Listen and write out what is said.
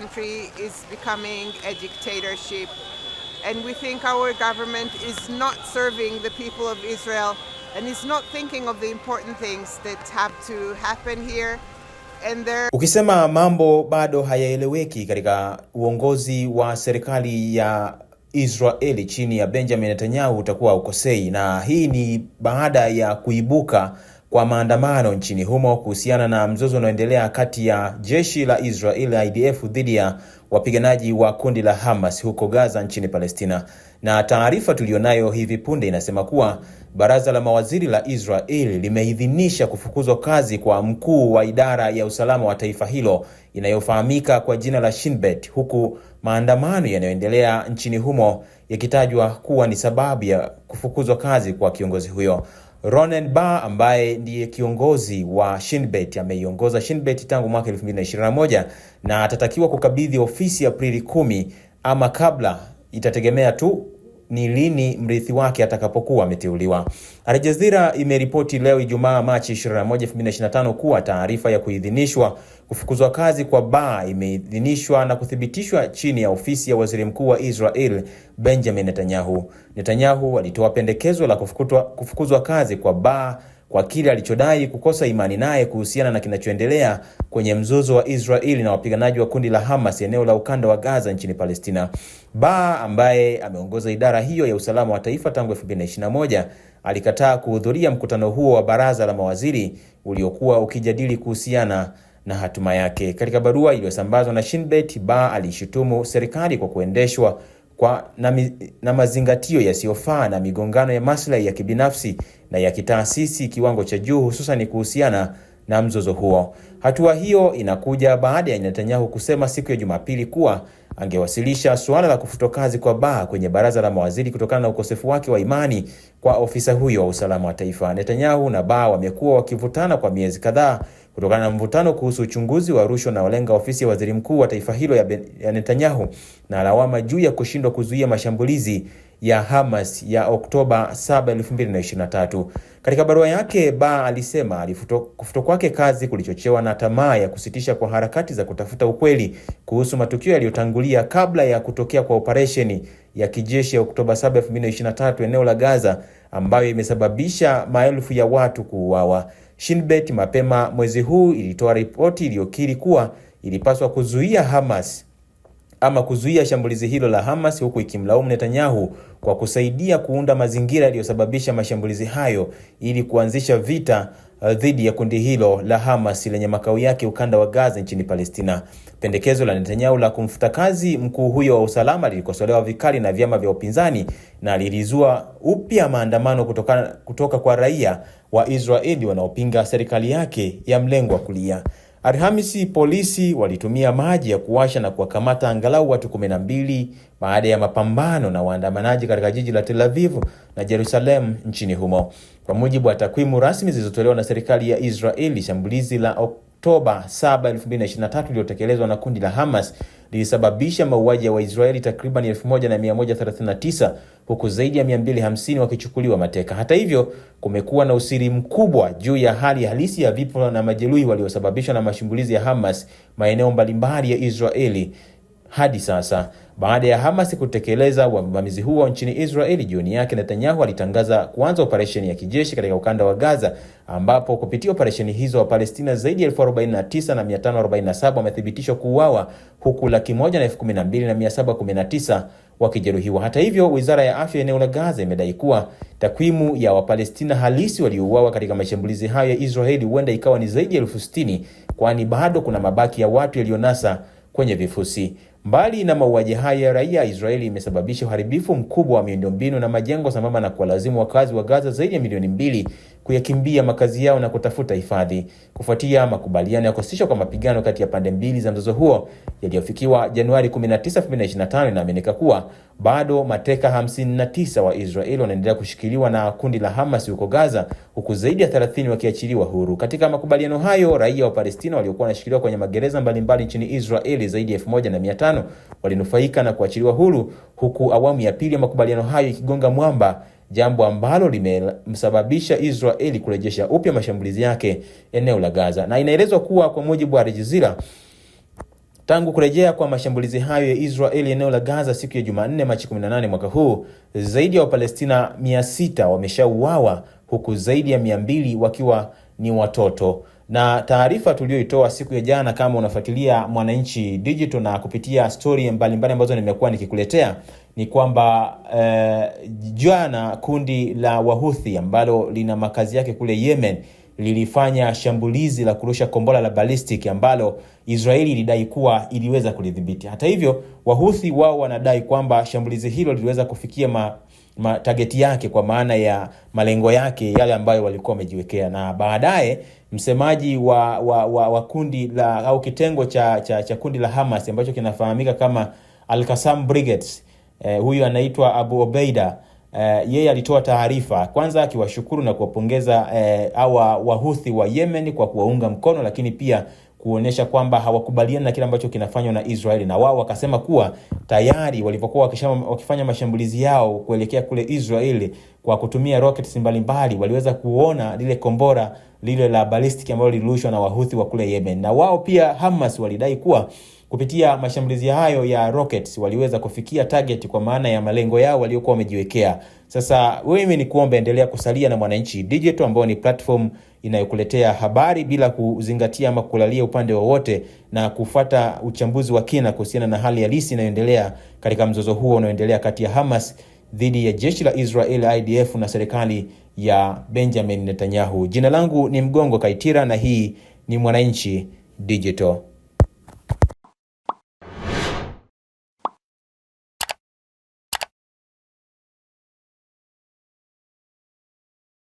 country is becoming a dictatorship. And we think our government is not serving the people of Israel and is not thinking of the important things that have to happen here. And there... Ukisema mambo bado hayaeleweki katika uongozi wa serikali ya Israeli chini ya Benjamin Netanyahu utakuwa ukosei, na hii ni baada ya kuibuka kwa maandamano nchini humo kuhusiana na mzozo unaoendelea kati ya jeshi la israel IDF dhidi ya wapiganaji wa kundi la Hamas huko Gaza nchini Palestina. Na taarifa tuliyonayo hivi punde inasema kuwa baraza la mawaziri la israel limeidhinisha kufukuzwa kazi kwa mkuu wa idara ya usalama wa taifa hilo inayofahamika kwa jina la Shinbet, huku maandamano yanayoendelea nchini humo yakitajwa kuwa ni sababu ya kufukuzwa kazi kwa kiongozi huyo. Ronen Bar ambaye ndiye kiongozi wa Shinbet ameiongoza Shinbet tangu mwaka 2021 na atatakiwa kukabidhi ofisi Aprili 10 ama kabla, itategemea tu ni lini mrithi wake atakapokuwa ameteuliwa. Aljazira imeripoti leo Ijumaa Machi 21, 2025 kuwa taarifa ya kuidhinishwa kufukuzwa kazi kwa ba imeidhinishwa na kuthibitishwa chini ya ofisi ya waziri mkuu wa Israel Benjamin Netanyahu. Netanyahu alitoa pendekezo la kufukuzwa kazi kwa ba kwa kile alichodai kukosa imani naye kuhusiana na kinachoendelea kwenye mzozo wa Israeli na wapiganaji wa kundi la Hamas eneo la ukanda wa Gaza nchini Palestina. Ba ambaye ameongoza idara hiyo ya usalama wa taifa tangu 2021 alikataa kuhudhuria mkutano huo wa baraza la mawaziri uliokuwa ukijadili kuhusiana na hatima yake. Katika barua iliyosambazwa na Shinbet, Ba aliishutumu serikali kwa kuendeshwa kwa na, na mazingatio yasiyofaa na migongano ya maslahi ya kibinafsi na ya kitaasisi kiwango cha juu, hususan kuhusiana na mzozo huo. Hatua hiyo inakuja baada ya Netanyahu kusema siku ya Jumapili kuwa angewasilisha suala la kufutwa kazi kwa Bar kwenye baraza la mawaziri kutokana na ukosefu wake wa imani kwa ofisa huyo wa usalama wa taifa. Netanyahu na Bar wamekuwa wakivutana kwa miezi kadhaa kutokana na mvutano kuhusu uchunguzi wa rushwa unaolenga ofisi ya waziri mkuu wa taifa hilo ya, ya Netanyahu na lawama juu ya kushindwa kuzuia mashambulizi ya Hamas ya Oktoba 7, 2023. Katika barua yake, ba alisema kufutwa kwake kazi kulichochewa na tamaa ya kusitisha kwa harakati za kutafuta ukweli kuhusu matukio yaliyotangulia kabla ya kutokea kwa operesheni ya kijeshi ya Oktoba 7, 2023 eneo la Gaza ambayo imesababisha maelfu ya watu kuuawa. Shinbet mapema mwezi huu ilitoa ripoti iliyokiri kuwa ilipaswa kuzuia Hamas ama kuzuia shambulizi hilo la Hamas huku ikimlaumu Netanyahu kwa kusaidia kuunda mazingira yaliyosababisha mashambulizi hayo ili kuanzisha vita Uh, dhidi ya kundi hilo la Hamas lenye makao yake ukanda wa Gaza nchini Palestina. Pendekezo la Netanyahu la kumfuta kazi mkuu huyo wa usalama lilikosolewa vikali na vyama vya upinzani na lilizua upya maandamano kutoka, kutoka kwa raia wa Israeli wanaopinga serikali yake ya mlengo wa kulia. Alhamisi polisi walitumia maji ya kuwasha na kuwakamata angalau watu 12 baada ya mapambano na waandamanaji katika jiji la Tel Aviv na Jerusalem nchini humo. Kwa mujibu wa takwimu rasmi zilizotolewa na serikali ya Israeli, shambulizi la Oktoba 7, 2023 lililotekelezwa na kundi la Hamas lilisababisha mauaji ya Waisraeli takriban 1139 huku zaidi ya 250 wakichukuliwa mateka. Hata hivyo, kumekuwa na usiri mkubwa juu ya hali halisi ya vifo na majeruhi waliosababishwa na mashambulizi ya Hamas maeneo mbalimbali ya Israeli hadi sasa. Baada ya Hamas kutekeleza uvamizi huo nchini Israeli, jioni yake Netanyahu alitangaza kuanza operesheni ya kijeshi katika ukanda wa Gaza, ambapo kupitia operesheni hizo Wapalestina zaidi ya elfu na wamethibitishwa kuuawa huku laki moja na elfu kumi na mbili na mia saba kumi na tisa wakijeruhiwa. Hata hivyo, wizara ya afya eneo la Gaza imedai kuwa takwimu ya Wapalestina halisi waliouawa katika mashambulizi hayo ya Israeli huenda ikawa ni zaidi ya elfu sitini kwani bado kuna mabaki ya watu yaliyonasa kwenye vifusi. Mbali na mauaji haya ya raia, Israeli imesababisha uharibifu mkubwa wa miundombinu na majengo sambamba na kuwalazimu wakazi wa Gaza zaidi ya milioni mbili kuyakimbia makazi yao na kutafuta hifadhi kufuatia makubaliano ya kusitishwa kwa mapigano kati ya pande mbili za mzozo huo yaliyofikiwa Januari 19, 2025. Inaaminika kuwa bado mateka 59 wa Israel wanaendelea kushikiliwa na kundi la Hamas huko Gaza, huku zaidi ya 30 wakiachiliwa huru. Katika makubaliano hayo, raia wa Palestina waliokuwa wanashikiliwa kwenye magereza mbalimbali nchini Israeli zaidi ya 1500 walinufaika na kuachiliwa huru, huku awamu ya pili ya makubaliano hayo ikigonga mwamba jambo ambalo limemsababisha Israeli kurejesha upya mashambulizi yake eneo la Gaza. Na inaelezwa kuwa kwa mujibu wa Aljazira, tangu kurejea kwa mashambulizi hayo ya Israeli eneo la Gaza siku ya Jumanne, Machi 18 mwaka huu, zaidi ya Wapalestina 600 wameshauawa huku zaidi ya 200 wakiwa ni watoto na taarifa tuliyoitoa siku ya jana, kama unafuatilia Mwananchi Digital na kupitia stori mbalimbali ambazo nimekuwa nikikuletea, ni kwamba eh, jana kundi la Wahuthi ambalo lina makazi yake kule Yemen lilifanya shambulizi la kurusha kombora la balistiki ambalo Israeli ilidai kuwa iliweza kulidhibiti. Hata hivyo, Wahuthi wao wanadai kwamba shambulizi hilo liliweza kufikia ma, ma tageti yake kwa maana ya malengo yake yale ambayo walikuwa wamejiwekea. Na baadaye msemaji wa, wa, wa, wa kundi la au kitengo cha, cha, cha kundi la Hamas ambacho kinafahamika kama alkasam Brigades eh, huyu anaitwa Abu Obeida eh, yeye alitoa taarifa kwanza akiwashukuru na kuwapongeza eh, awa wahuthi wa Yemen kwa kuwaunga mkono, lakini pia kuonesha kwamba hawakubaliani na kile ambacho kinafanywa na Israeli, na wao wakasema kuwa tayari walipokuwa wakifanya mashambulizi yao kuelekea kule Israeli kwa kutumia rockets mbalimbali, waliweza kuona lile kombora lile la balistiki ambalo lilirushwa na wahuthi wa kule Yemen, na wao pia Hamas walidai kuwa Kupitia mashambulizi hayo ya rockets waliweza kufikia target kwa maana ya malengo yao waliokuwa wamejiwekea. Sasa wewe ni kuomba endelea kusalia na Mwananchi Digital ambayo ni platform inayokuletea habari bila kuzingatia ama kulalia upande wowote na kufata uchambuzi wa kina kuhusiana na hali halisi inayoendelea katika mzozo huo unaoendelea kati ya Hamas dhidi ya jeshi la Israel IDF na serikali ya Benjamin Netanyahu. Jina langu ni Mgongo Kaitira na hii ni Mwananchi Digital.